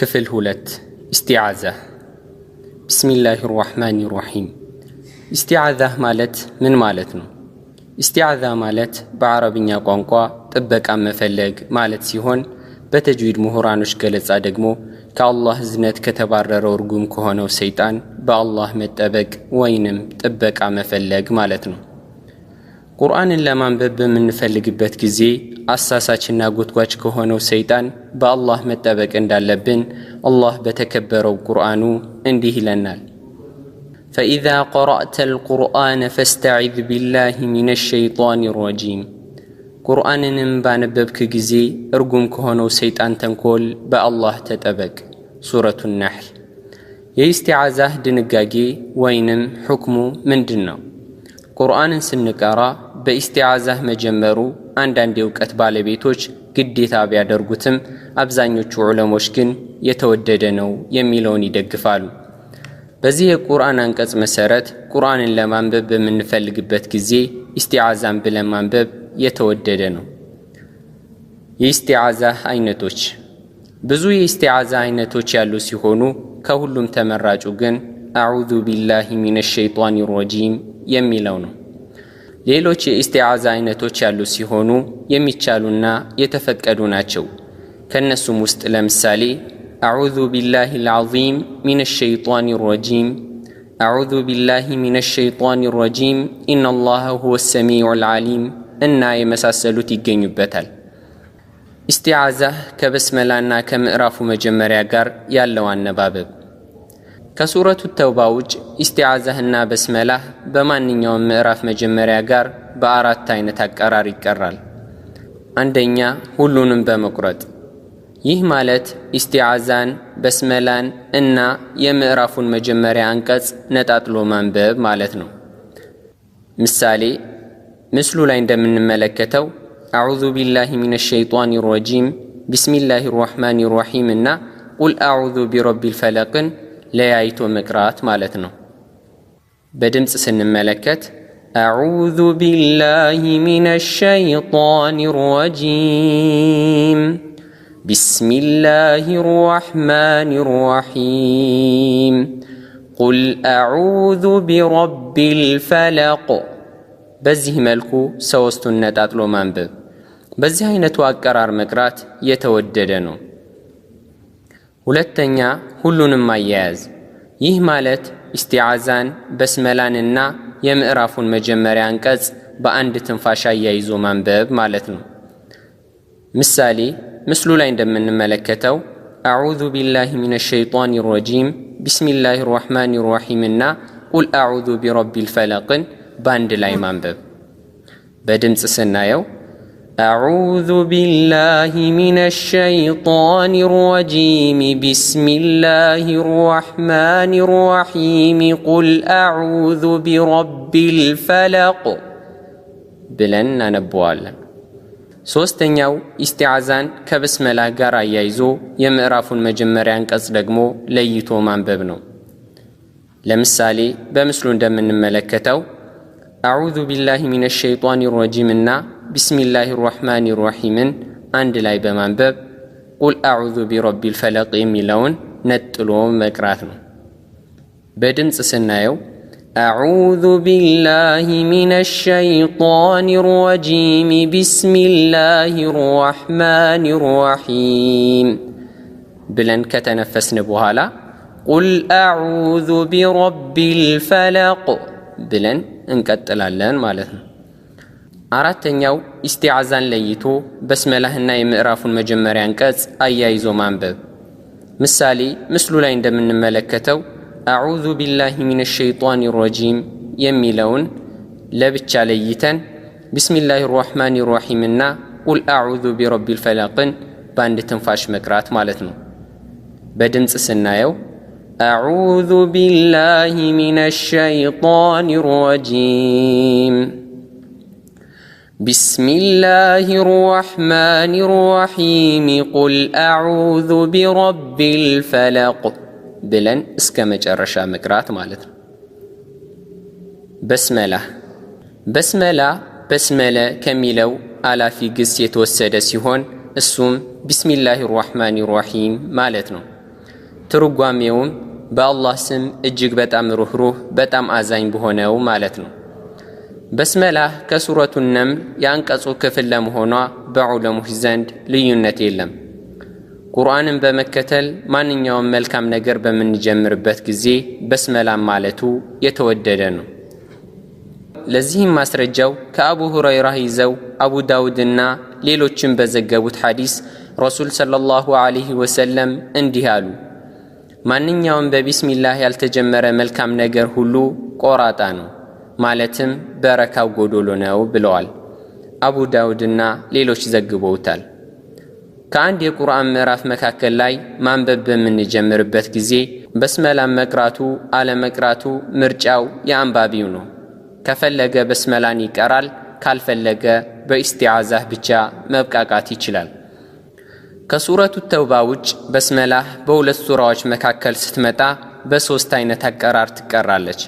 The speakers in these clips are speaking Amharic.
ክፍል ሁለት ኢስቲዓዛ ብስሚላህ ራሕማን ራሒም ኢስቲዓዛ ማለት ምን ማለት ነው? ኢስቲዓዛ ማለት በአረብኛ ቋንቋ ጥበቃ መፈለግ ማለት ሲሆን በተጅዊድ ምሁራኖች ገለጻ ደግሞ ከአላህ እዝነት ከተባረረው እርጉም ከሆነው ሰይጣን በአላህ መጠበቅ ወይንም ጥበቃ መፈለግ ማለት ነው። ቁርአንን ለማንበብ በምንፈልግበት ጊዜ አሳሳችና ጎትጓች ከሆነው ሰይጣን በአላህ መጠበቅ እንዳለብን አላህ በተከበረው ቁርአኑ እንዲህ ይለናል። ፈኢዛ ቀረእተ አልቁርአነ ፈስተዒዝ ቢላህ ሚነ ሸይጣን ረጂም። ቁርአንንም ባነበብክ ጊዜ እርጉም ከሆነው ሰይጣን ተንኮል በአላህ ተጠበቅ። ሱረቱ ናሕል። የኢስቲዓዛህ ድንጋጌ ወይንም ሕክሙ ምንድን ነው? ቁርአንን ስንቀራ በኢስቲዓዛህ መጀመሩ አንዳንድ የእውቀት ባለቤቶች ግዴታ ቢያደርጉትም አብዛኞቹ ዑለሞች ግን የተወደደ ነው የሚለውን ይደግፋሉ። በዚህ የቁርአን አንቀጽ መሰረት ቁርአንን ለማንበብ በምንፈልግበት ጊዜ ኢስቲዓዛን ብለን ማንበብ የተወደደ ነው። የኢስቲዓዛህ አይነቶች ብዙ የኢስቲዓዛ አይነቶች ያሉ ሲሆኑ ከሁሉም ተመራጩ ግን አዑዙ ቢላሂ ሚነ ሸይጣን ረጂም የሚለው ነው። ሌሎች የኢስቲዓዛ አይነቶች ያሉ ሲሆኑ የሚቻሉና የተፈቀዱ ናቸው። ከእነሱም ውስጥ ለምሳሌ አዑዙ ቢላህ አልዓዚም ሚነ ሸይጣን ረጂም፣ አዑዙ ቢላህ ሚነ ሸይጣን ረጂም፣ ኢነላህ ሁወ ሰሚዑ ልዓሊም እና የመሳሰሉት ይገኙበታል። ኢስቲዓዛህ ከበስመላና ከምዕራፉ መጀመሪያ ጋር ያለው አነባበብ ከሱረቱ ተውባ ውጭ ኢስቲዓዛህና በስመላህ በማንኛውም ምዕራፍ መጀመሪያ ጋር በአራት አይነት አቀራር ይቀራል። አንደኛ ሁሉንም በመቁረጥ ይህ ማለት ኢስቲዓዛን፣ በስመላን እና የምዕራፉን መጀመሪያ አንቀጽ ነጣጥሎ ማንበብ ማለት ነው። ምሳሌ ምስሉ ላይ እንደምንመለከተው አዑዙ ቢላሂ ሚነ ሸይጧን ረጂም ቢስሚላሂ ራሕማን ራሒም እና ቁል አዑዙ ቢረቢል ፈለቅን ለያይቶ መቅራት ማለት ነው በድምፅ ስንመለከት أعوذ بالله من الشيطان الرجيم بسم الله الرحمن الرحيم قل أعوذ برب الفلق بزه ملكو سوستن نتاتلو منبب بزه هينتو أكرار مكرات يتوددنو ሁለተኛ ሁሉንም አያያዝ። ይህ ማለት ኢስቲዓዛን በስመላንና የምዕራፉን መጀመሪያ አንቀጽ በአንድ ትንፋሽ አያይዞ ማንበብ ማለት ነው። ምሳሌ ምስሉ ላይ እንደምንመለከተው አዑዙ ቢላሂ ሚነ ሸይጣን ረጂም ቢስሚላህ ራሕማን ራሒም እና ቁል አዑዙ ቢረቢል ፈለቅን በአንድ ላይ ማንበብ በድምፅ ስናየው أعوذ بالله من الشيطان الرجيم بسم الله الرحمن الرحيم قل أعوذ برب الفلق ብለን እናነበዋለን። ሦስተኛው ኢስቲዓዛን ከብስመላህ ጋር አያይዞ የምዕራፉን መጀመሪያ አንቀጽ ደግሞ ለይቶ ማንበብ ነው። ለምሳሌ በምስሉ እንደምንመለከተው አዑዙ ቢላሂ ሚነ ሸይጣን ረጂም እና ቢስሚላህ ራሕማን ራሒምን አንድ ላይ በማንበብ ቁል አዑዙ ቢረቢል ፈለቅ የሚለውን ነጥሎ መቅራት ነው። በድምፅ ስናየው አዑዙ ቢላህ ሚነ ሸይጣን ረጂም ቢስሚላህ ራሕማን ራሒም ብለን ከተነፈስን በኋላ ቁል አዑዙ ቢረቢል ፈለቅ ብለን እንቀጥላለን ማለት ነው። አራተኛው ኢስቲዓዛን ለይቶ በስመላህና የምዕራፉን መጀመሪያ አንቀጽ አያይዞ ማንበብ። ምሳሌ ምስሉ ላይ እንደምንመለከተው አዑዙ ቢላሂ ሚነ ሸይጣን ረጂም የሚለውን ለብቻ ለይተን ቢስሚላህ ራሕማን ራሒምና ቁል አዑዙ ቢረቢ ፈለቅን በአንድ ትንፋሽ መቅራት ማለት ነው። በድምፅ ስናየው አዑዙ ቢላሂ ሚነ ሸይጣን ረጂም ቢስሚላህ ራሕማን ራሒም ቁል አዑዙ ቢረቢል ፈለቅ ብለን እስከ መጨረሻ መቅራት ማለት ነው። በስመላ በስመላ በስመለ ከሚለው አላፊ ግስ የተወሰደ ሲሆን እሱም ቢስሚላህ ራሕማን ራሒም ማለት ነው። ትርጓሜውም በአላህ ስም እጅግ በጣም ሩኅሩህ በጣም አዛኝ በሆነው ማለት ነው። በስመላህ ከሱረቱ ነምል የአንቀጹ ክፍል ለመሆኗ በዑለሞች ዘንድ ልዩነት የለም። ቁርአንን በመከተል ማንኛውም መልካም ነገር በምንጀምርበት ጊዜ በስመላ ማለቱ የተወደደ ነው። ለዚህም ማስረጃው ከአቡ ሁረይራ ይዘው አቡ ዳውድና ሌሎችም በዘገቡት ሐዲስ ረሱል ሰለላሁ ዐለይሂ ወሰለም እንዲህ አሉ፣ ማንኛውም በቢስሚላህ ያልተጀመረ መልካም ነገር ሁሉ ቆራጣ ነው። ማለትም በረካው ጎዶሎ ነው ብለዋል። አቡ ዳውድና ሌሎች ዘግበውታል። ከአንድ የቁርአን ምዕራፍ መካከል ላይ ማንበብ በምንጀምርበት ጊዜ በስመላን መቅራቱ አለመቅራቱ ምርጫው የአንባቢው ነው። ከፈለገ በስመላን ይቀራል፣ ካልፈለገ በኢስቲዓዛህ ብቻ መብቃቃት ይችላል። ከሱረቱ ተውባ ውጭ በስመላህ በሁለት ሱራዎች መካከል ስትመጣ በሦስት አይነት አቀራር ትቀራለች።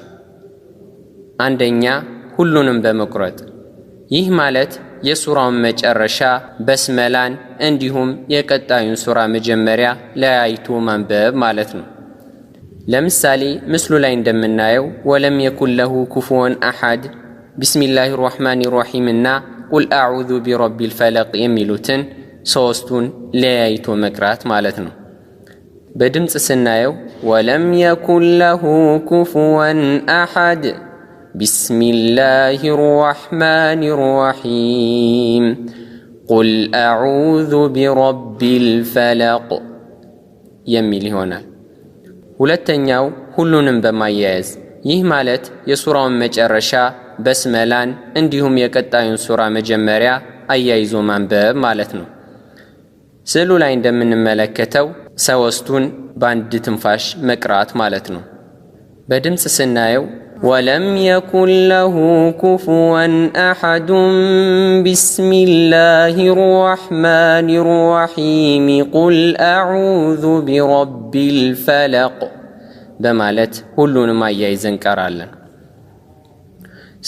አንደኛ ሁሉንም በመቁረጥ ይህ ማለት የሱራውን መጨረሻ በስመላን እንዲሁም የቀጣዩን ሱራ መጀመሪያ ለያይቶ ማንበብ ማለት ነው። ለምሳሌ ምስሉ ላይ እንደምናየው ወለም የኩን ለሁ ኩፉወን አሐድ፣ ቢስሚላህ ራሕማን ራሒም እና ቁል አዑዙ ቢረቢል ፈለቅ የሚሉትን ሶስቱን ለያይቶ መቅራት ማለት ነው። በድምፅ ስናየው ወለም የኩን ለሁ ኩፉወን አሐድ ቢስሚላህ ራሕማን ራሒም ቁል አዑዙ ቢረቢል ፈለቅ የሚል ይሆናል። ሁለተኛው ሁሉንም በማያያዝ ይህ ማለት የሱራውን መጨረሻ በስመላን እንዲሁም የቀጣዩን ሱራ መጀመሪያ አያይዞ ማንበብ ማለት ነው። ስዕሉ ላይ እንደምንመለከተው ሰወስቱን በአንድ ትንፋሽ መቅራት ማለት ነው። በድምፅ ስናየው ወለም የኩን ለሁ ኩፍወን አሐዱን ቢስሚላሂ ራሕማኒ ራሒም ቁል አዑዙ ቢረቢል ፈለቅ በማለት ሁሉንም አያይዘን እንቀራለን።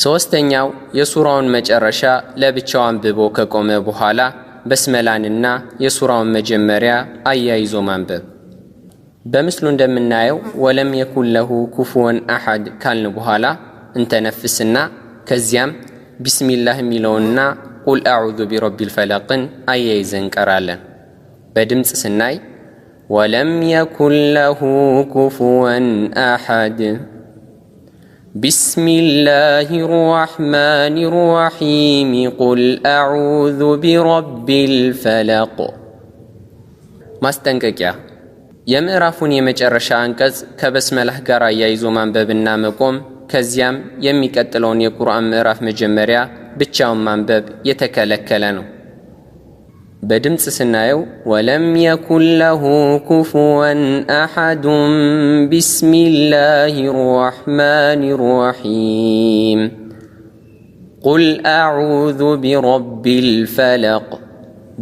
ሦስተኛው የሱራውን መጨረሻ ለብቻው አንብቦ ከቆመ በኋላ በስመላንና የሱራውን መጀመሪያ አያይዞ ማንበብ በምስሉ እንደምናየው ወለም የኩን ለሁ ኩፉወን አሐድ ካልን በኋላ እንተነፍስና ከዚያም ቢስሚላህ የሚለውንና ቁል አዑዙ ቢረቢል ፈለቅን አያይዘን እንቀራለን። በድምፅ ስናይ ወለም የኩን ለሁ ኩፉወን አሐድ ቢስሚላህ ራሕማን ራሒም ቁል አዑዙ ቢረቢል ፈለቅ ማስጠንቀቂያ የምዕራፉን የመጨረሻ አንቀጽ ከበስመላህ ጋር አያይዞ ማንበብና መቆም ከዚያም የሚቀጥለውን የቁርአን ምዕራፍ መጀመሪያ ብቻውን ማንበብ የተከለከለ ነው። በድምፅ ስናየው ወለም የኩን ለሁ ኩፉወን አሐዱን ቢስሚላሂ ራሕማን ራሒም ቁል አዑዙ ቢረቢል ልፈለቅ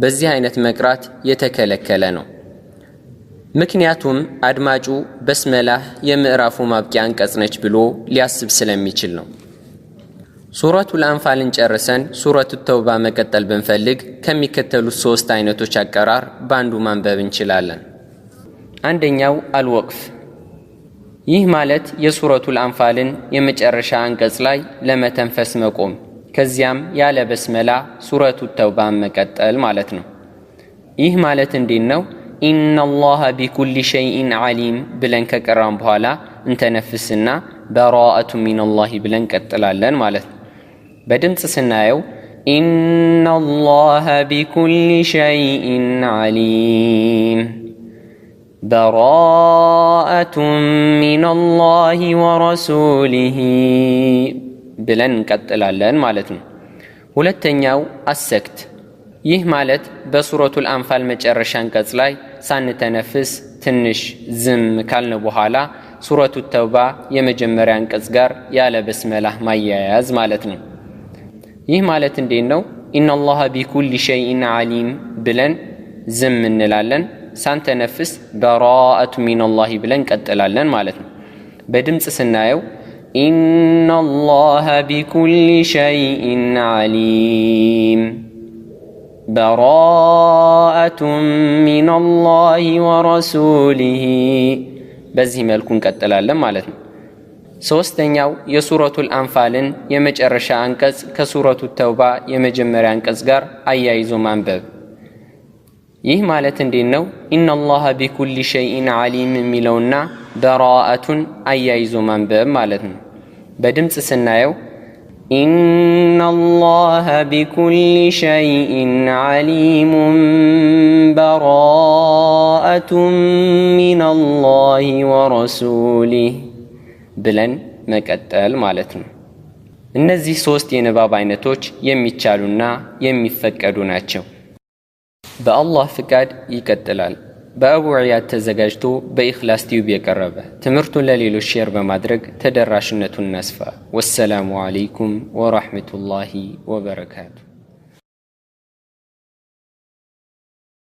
በዚህ አይነት መቅራት የተከለከለ ነው። ምክንያቱም አድማጩ በስመላህ የምዕራፉ ማብቂያ አንቀጽ ነች ብሎ ሊያስብ ስለሚችል ነው። ሱረቱል አንፋልን ጨርሰን ሱረቱ ተውባ መቀጠል ብንፈልግ ከሚከተሉት ሶስት አይነቶች አቀራር በአንዱ ማንበብ እንችላለን። አንደኛው አልወቅፍ። ይህ ማለት የሱረቱ አንፋልን የመጨረሻ አንቀጽ ላይ ለመተንፈስ መቆም፣ ከዚያም ያለ በስመላ ሱረቱ ተውባን መቀጠል ማለት ነው። ይህ ማለት እንዴት ነው? إن الله بكل شيء عليم بلنك كرام بهالا انت نفسنا براءة من الله بلنك كتلالن مالت بدمت سنايو إن الله بكل شيء عليم براءة من الله ورسوله بلن كتلالن مالتنا ሁለተኛው አሰክት ይህ ማለት በሱረቱል አንፋል መጨረሻ አንቀጽ ላይ ሳንተነፍስ ትንሽ ዝም ካልነ በኋላ ሱረቱ ተውባ የመጀመሪያ አንቀጽ ጋር ያለ በስመላ ማያያዝ ማለት ነው። ይህ ማለት እንዴት ነው? ኢነላሃ ቢኩሊ ሸይኢን ዓሊም ብለን ዝም እንላለን። ሳንተነፍስ በራአቱ ሚነላሂ ብለን ቀጥላለን ማለት ነው። በድምፅ ስናየው ኢነላሃ ቢኩሊ ሸይኢን ዓሊም በራአቱ ሚን አላህ ወረሱሊህ በዚህ መልኩ እንቀጥላለን ማለት ነው። ሶስተኛው የሱረቱ አንፋልን የመጨረሻ አንቀጽ ከሱረቱ ተውባ የመጀመሪያ አንቀጽ ጋር አያይዞ ማንበብ። ይህ ማለት እንዴት ነው? ኢነላህ ቢኩሊ ሸይኢን ዓሊም የሚለውና በራአቱን አያይዞ ማንበብ ማለት ነው። በድምፅ ስናየው إن الله بكل شيء عليم براءة من الله ورسوله ብለን መቀጠል ማለት ነው። እነዚህ ሶስት የንባብ አይነቶች የሚቻሉና የሚፈቀዱ ናቸው። በአላህ ፍቃድ ይቀጥላል። በአቡዕያት ተዘጋጅቶ በኢኽላስ ቲዩብ የቀረበ ትምህርቱን ለሌሎች ሼር በማድረግ ተደራሽነቱን እናስፋ። ወሰላሙ አለይኩም ወራህመቱላሂ ወበረካቱ።